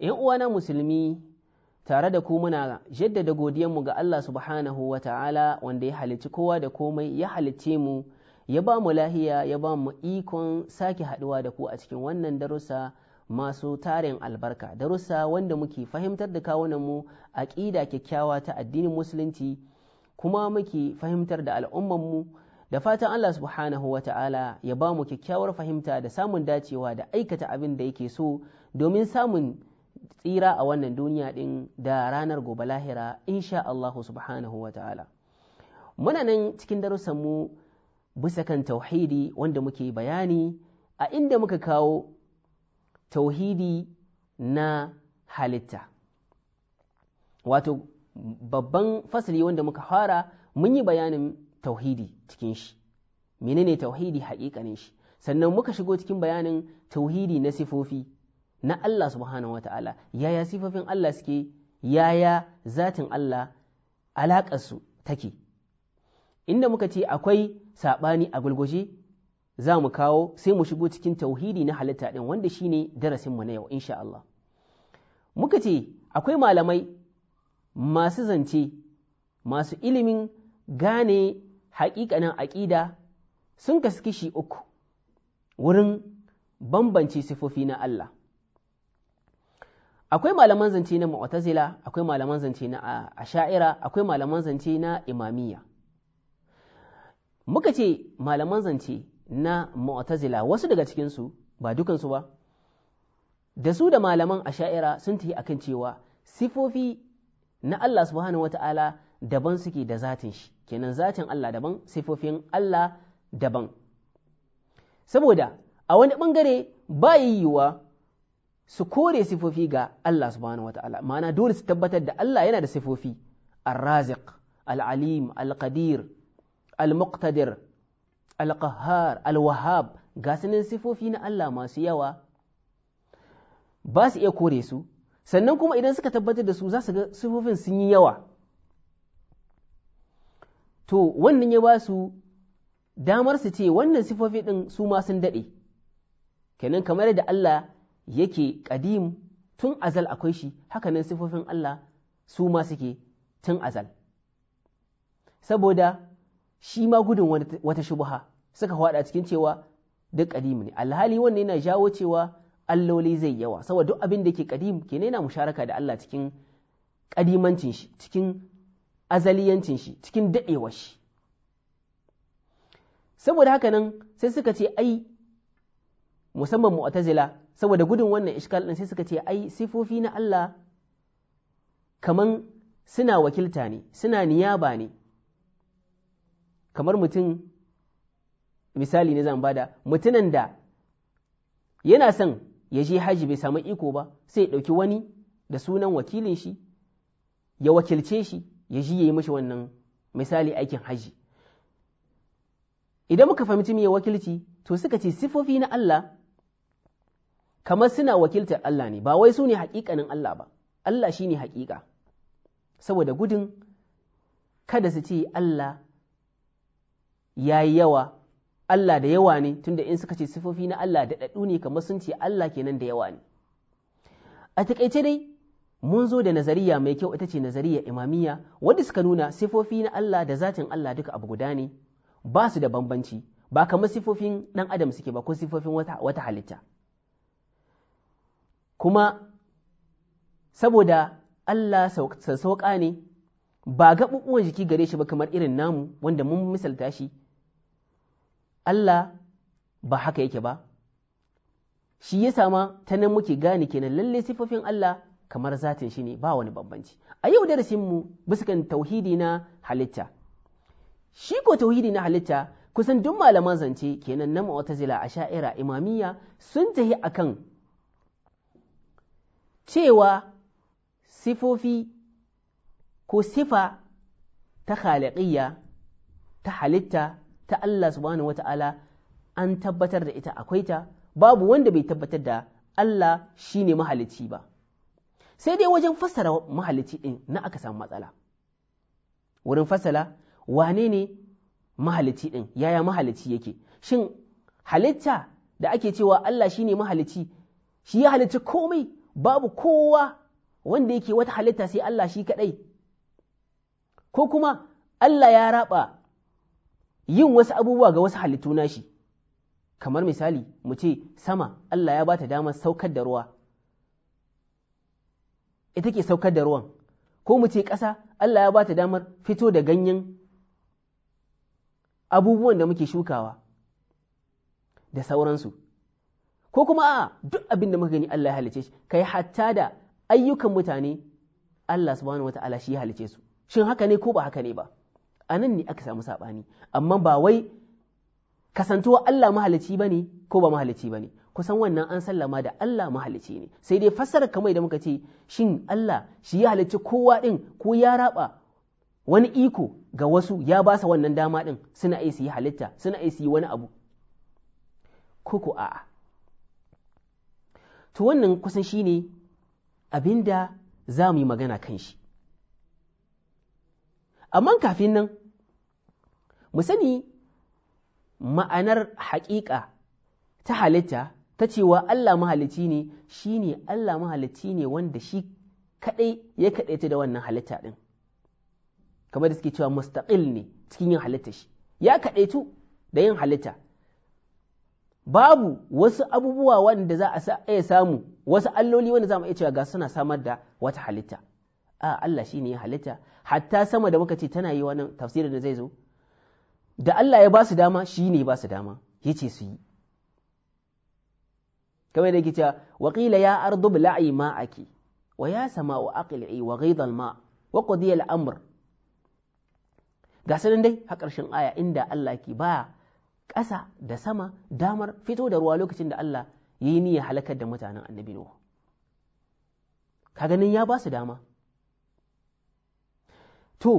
uwana musulmi tare da ku muna jaddada godiyanmu ga Allah subhanahu wa ta'ala wanda ya halicci kowa da komai ya halicce mu ya ba mu lahiya ya ba mu ikon sake haɗuwa da ku a cikin wannan darussa masu tarin albarka darussa wanda muke fahimtar da kawunanmu aƙida kyakkyawa ta addinin musulunci kuma muke fahimtar da al'ummanmu da fatan Allah subhanahu wa ta'ala ya ba mu kyakkyawar fahimta da samun dacewa da aikata abin da yake so domin samun tsira a wannan duniya ɗin da ranar gobe lahira insha Allahu subhanahu wa ta'ala muna nan cikin mu bisa kan tauhidi wanda muke bayani a inda muka kawo tauhidi na halitta wato babban fasali wanda muka fara mun yi bayanin tauhidi cikin shi menene tauhidi haƙiƙanin shi sannan muka shigo cikin bayanin tauhidi na sifofi na Allah subhanahu wa ta'ala yaya sifofin Allah suke yaya zatin Allah alaƙarsu take inda muka ce akwai saɓani a gulguje za mu kawo sai mu shigo cikin tauhidi na halitta ɗin wanda shi shine darasinmu na yau insha Allah muka ce akwai malamai masu zance masu ilimin gane haƙiƙanin aƙida sun kasu kishi uku wurin bambance sifofi na Allah akwai malaman zance na mu'tazila akwai malaman zance na ah, asha'ira akwai malaman zance na imamiyya muka ce malaman zance na mu'tazila wasu daga cikinsu ba dukansu ba da su da malaman asha'ira sun tafi akan cewa sifofi na Allah subhanahu wata'ala daban suke da zatin shi kenan zatin Allah daban sifofin Allah daban saboda a wani bangare ba yi yiwuwa su kore sifofi ga Allah subhanahu wata'ala ma'ana dole su tabbatar da Allah yana da sifofi al-raziq al-alim al-qadir al-muqtadir al qahar al wahab ga sanin sifofi na Allah masu yawa ba su iya kore su sannan kuma idan suka tabbatar da su za su ga sifofin sun yi yawa to wannan ya ba su damar su ce wannan sifofi ɗin su ma sun daɗe kenan kamar da Allah yake ƙadim tun azal akwai shi hakanan sifofin Allah su ma suke tun azal saboda shi ma gudun wata shubha suka haɗa cikin cewa duk ƙadim ne alhali wannan yana jawo cewa alloli zai yawa saboda duk abin da ke ƙadim ke yana musharaka da Allah cikin ƙadimancin shi cikin azaliyancin shi cikin daɗewar shi saboda haka nan sai suka ce ai musamman mu'tazila saboda gudun wannan ishkal ɗin sai suka ce ai sifofi na Allah kaman suna wakilta ne suna niyaba ne kamar mutum misali ne zan bada mutumin da yana son ya je haji bai samu iko ba sai ya ɗauki wani da sunan wakilin shi ya wakilce shi ya ji ya yi mashi wannan misali aikin haji idan muka fahimci me wakilci to suka ce sifofi na Allah kamar suna wakiltar Allah ne ba wai su ne haƙiƙanin Allah ba Allah shi ne haƙiƙa saboda gudun kada su ce Allah ya yi yawa Allah da yawa ne tunda in suka ce sifofi na Allah da ɗaɗu ne kamar sun ce Allah kenan da yawa ne a taƙaice dai mun zo da nazariya mai kyau ita ce nazariya imamiyya wadda suka nuna sifofi na Allah da zatin Allah duka abu guda ne ba su da bambanci ba kamar sifofin ɗan adam suke ba ko sifofin wata halitta kuma saboda Allah sauƙa ne ba gaɓuɓuwan jiki gare shi ba kamar irin namu wanda mun misalta shi Allah ba haka yake ba shi ya sama ta nan muke gane kenan lalle sifofin Allah kamar zatin shi ne ba wani bambanci a yau darasinmu bisa kan tauhidi na halitta shi ko tauhidi na halitta kusan duk malaman zance kenan na a sha'ira imamiyya sun tahi akan cewa sifofi ko sifa ta khaliqiyya ta halitta ta Allah subhanahu wata'ala an tabbatar da ita akwai ta babu wanda bai tabbatar da Allah shine mahalicci ba sai dai wajen fassara mahalicci din na aka samu matsala wurin fassara wane ne mahalicci din yaya mahalicci yake shin halitta da ake cewa Allah shine mahalicci shi ya halicci komai babu kowa wanda yake wata halitta sai Allah shi kaɗai, ko kuma Allah ya raba yin wasu abubuwa ga wasu halittu nashi, kamar misali mu ce sama Allah ya ba ta damar saukar da ruwa, ita ke saukar da ruwan, ko mu ce ƙasa Allah ya ba ta damar fito da ganyen abubuwan da muke shukawa da sauransu. ko kuma a duk abin da muka gani Allah ya halice shi kai hatta da ayyukan mutane Allah subhanahu wata'ala shi ya halice su shin haka ne ko ba haka ne ba a nan ne aka samu saɓani amma ba wai kasantuwa Allah mahalici ba ne ko ba mahalici ba ne kusan wannan an sallama da Allah mahalici ne sai dai fassara kamar da muka ce shin Allah shi ya halicci kowa ɗin ko ya raba wani iko ga wasu ya ba su wannan dama ɗin suna iya su yi halitta suna iya su yi wani abu ko ko a'a to wannan kusan shi ne abin da za mu yi magana kan shi amma kafin nan mu sani ma'anar haƙiƙa ta halitta ta cewa Allah mahalicci ne shi ne Allah mahalicci ne wanda shi kaɗai ya kaɗaita da wannan halitta ɗin kamar da suke cewa mustaƙil ne cikin yin halitta shi ya kaɗaitu da yin halitta babu wasu abubuwa wanda za a iya samu wasu alloli wanda za mu iya cewa ga suna samar da wata halitta a Allah shine ya halitta hatta sama da muka ce tana yi wannan tafsirin da zai zo da Allah ya ba su dama shine ya ba su dama yace su yi kamar da yake cewa qila ya ardu bla'i ma'aki wa ya sama'u aqli'i wa ghidha al-ma' wa qudiya al-amr ga sanin dai har karshen aya inda Allah ke ba ƙasa da sama damar fito da ruwa lokacin da Allah ya yi niyya halakar da mutanen annabi Nuhu. Ka ganin ya ba su dama. To,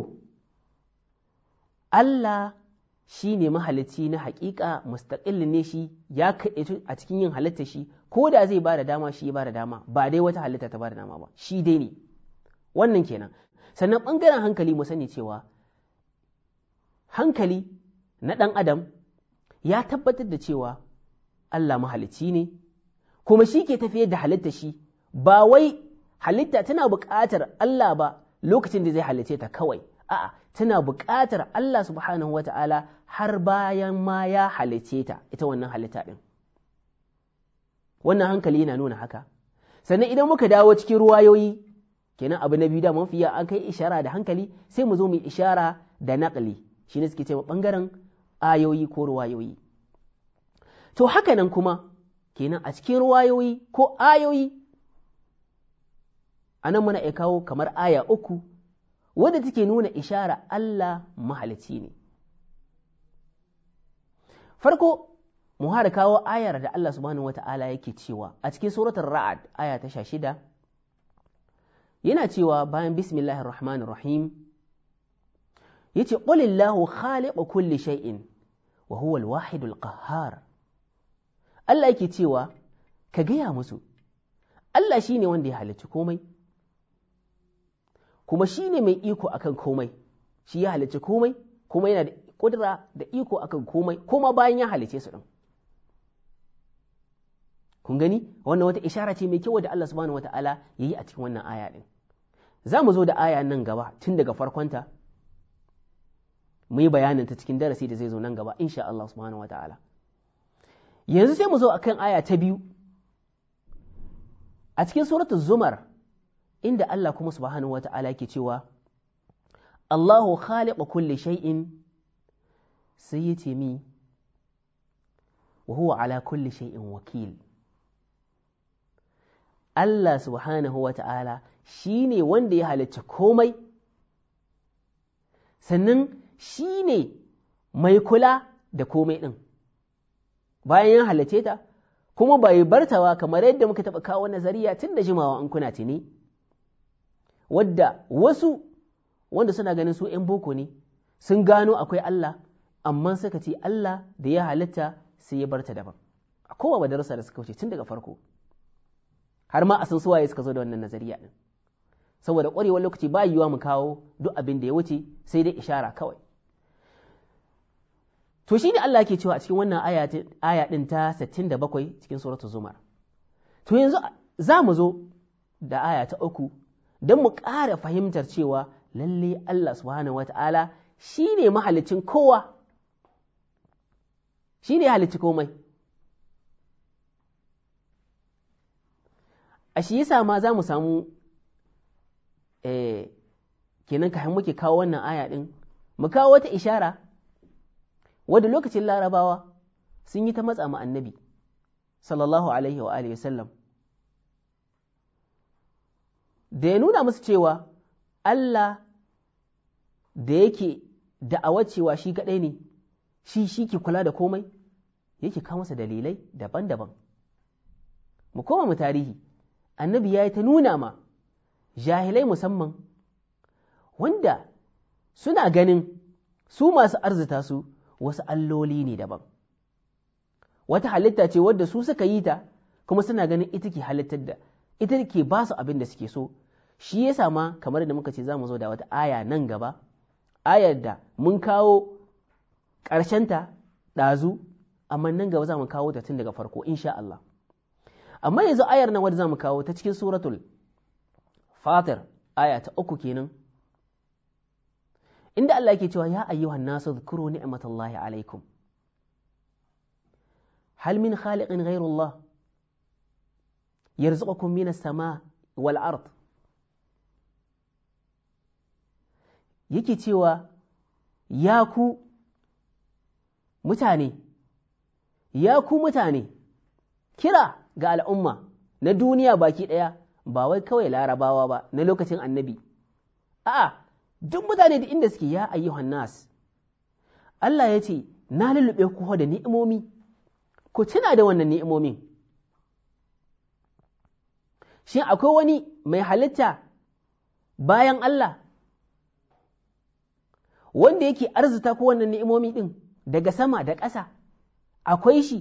Allah shi ne mahalicci na haƙiƙa mustaƙil ne shi ya kaɗe a cikin yin halitta shi ko da zai ba da dama shi ya ba da dama ba dai wata halitta ta ba da dama ba shi dai ne wannan kenan sannan ɓangaren hankali mu sani cewa hankali na ɗan adam ya tabbatar da cewa Allah mahalicci ne kuma shi ke tafiyar da halitta shi ba wai halitta tana buƙatar Allah ba lokacin da zai halice ta kawai a'a tana buƙatar Allah subhanahu ta'ala har bayan ma ya halice ta ita wannan halitta ɗin wannan hankali yana nuna haka sannan idan muka dawo cikin ruwayoyi kenan abu na biyu da mafiya an kai ishara da hankali sai mu zo mu ishara da naƙali shi ne suke cewa ɓangaren ayoyi ko ruwayoyi. To haka nan kuma, kenan a cikin ruwayoyi ko ayoyi, a nan muna kawo kamar aya uku, wadda take nuna ishara Allah mahalicci ne. Farko, mu har kawo ayar da Allah subhanahu wata'ala yake cewa a cikin suratul ra'ad aya ta sha shida yana cewa bayan bismillahir rahim yace qulillahu khaliqu kulli shay'in wa huwa al-wahidul qahhar Allah yake cewa ka gaya musu Allah shi ne wanda ya halicci komai kuma shi ne mai iko akan komai shi ya halicci komai kuma yana da kudura da iko akan komai kuma bayan ya halicce su din kun gani wannan wata ishara ce mai kyau da Allah subhanahu wata'ala ya yi a cikin wannan aya ɗin za mu zo da aya nan gaba tun daga farkonta mu yi bayanin ta cikin darasi da zai zo nan gaba insha Allah subhanahu wa ta'ala yanzu sai mu zo akan aya ta biyu a cikin suratul zumar inda Allah kuma subhanahu wa ta'ala yake cewa Allahu khaliqu kulli shay'in sai ya mi wa huwa ala kulli shay'in wakil Allah subhanahu wa ta'ala shi wanda ya halicci komai sannan shi ne mai kula da komai ɗin bayan ya halace ta kuma bai bartawa kamar yadda muka taɓa kawo nazariya tun da jimawa an kuna ne wadda wasu wanda suna ganin su 'yan boko ne sun gano akwai Allah amma suka ce Allah da ya halitta sai ya barta daban a kowa darasa da suka wuce tun daga farko har ma a san suwaye suka zo da wannan nazariya din saboda ƙwarewar lokaci ba yiwuwa mu kawo duk abin da ya wuce sai dai ishara kawai to shi ne Allah ke cewa a cikin wannan aya ɗin ta 67 cikin suratul zumar to yanzu za mu zo da aya ta uku don mu ƙara fahimtar cewa lalle Allah subhanahu wata'ala shi ne mahalicin kowa shi ne halicci komai a shi yasa ma za mu samu eh, kenan ka muke kawo wannan aya ɗin mu kawo wata ishara wadda lokacin larabawa sun yi ta matsa ma annabi sallallahu alaihi wa alihi sallam da ya nuna musu cewa Allah da yake da cewa shi kaɗai ne shi shi ke kula da komai yake kawo masa dalilai daban-daban mu koma mu tarihi annabi ya yi ta nuna ma jahilai musamman wanda suna ganin su masu arzita su wasu alloli ne daban wata halitta ce wadda su suka yi ta kuma suna ganin ita ke halittar da ita ke ba su abin da suke so shi ya ma kamar da muka ce za mu zo da wata aya nan gaba ayar da mun kawo ƙarshen ta ɗazu amma nan gaba za mu kawo ta tun daga farko insha Allah amma yanzu ayar nan wadda za mu kawo ta cikin suratul fatir aya ta uku kenan inda Allah yake cewa ya ayyuhan nasu dhkuru ni'matallahi alaikum hal min khaliqin ghayrullah yarzuqukum minas sama wal ard yake cewa ya ku mutane ya ku mutane kira ga al'umma na duniya baki ɗaya ba wai kawai larabawa ba na lokacin annabi a'a duk mutane da inda suke ya ayyuhan nas Allah ya ce na lullube ku da ni'imomi ku tuna da wannan ni'imomin shin akwai wani mai halitta bayan Allah wanda yake arzuta ko wannan ni'imomi ɗin daga sama da ƙasa akwai shi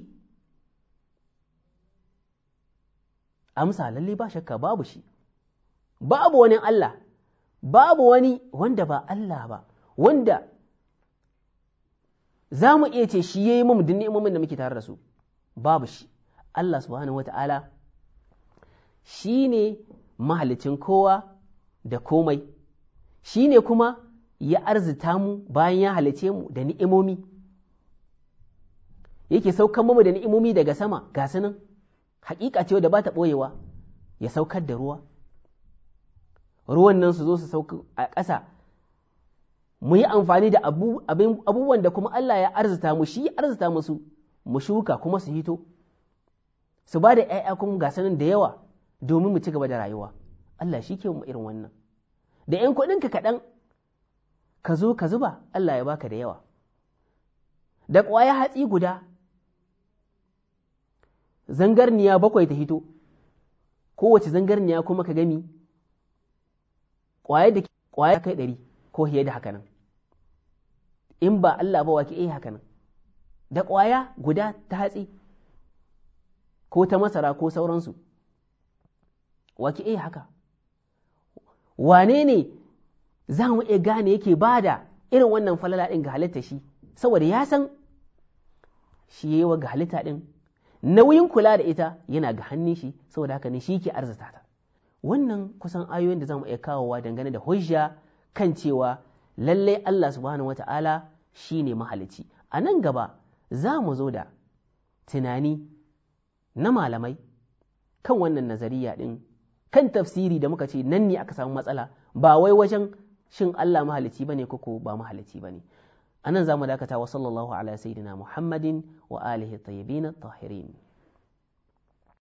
amsa lalle ba shakka babu shi babu wani Allah babu wani wanda ba Allah ba wanda za mu iya ce shi ya yi mamu duk ni'imomin da muke tare da su babu shi Allah subhanahu wata'ala shi ne mahalicin kowa da komai shi ne kuma ya arzita mu bayan ya halice mu da ni'imomi yake saukan mamu da ni'imomi daga sama ga sanin hakika ce da ba ta ɓoyewa ya saukar da ruwa ruwan nan su zo su sauka a ƙasa mu yi amfani da abubuwan da kuma Allah ya arzita mu shi arzita musu mu shuka kuma su hito su ba da ‘ya'ya kuma gasanin da yawa domin mu ci gaba da rayuwa Allah shi ke mu irin wannan da ‘yan kuɗinka kaɗan ka zo ka zuba Allah ya baka da yawa da ƙwaya hatsi guda zangarniya bakwai ta hito kowace zangarniya kuma ka gami kwaye da kwaye kai ɗari ko fiye da haka in ba Allah ba wake eh haka nan da kwaya guda ta hatsi ko ta masara ko sauransu wake eh haka wane ne za mu iya gane yake ba da irin wannan falala ɗin ga halitta shi saboda ya san shi ya yi wa ga halitta ɗin nauyin kula da ita yana ga hannun shi saboda haka ne shi ke arzata ta wannan kusan ayoyin da za mu iya kawowa dangane da hujja kan cewa lallai Allah subhanahu wata'ala shine mahalici a nan gaba za mu zo da tunani na malamai kan wannan nazariya ɗin kan tafsiri da muka ce nan ne aka samu matsala ba wai wajen shin Allah mahalici bane ne koko ba mahalici ba ne a nan za mu dakata wa sallallahu ala sayyidina muhammadin wa alihi tayyibin tahirin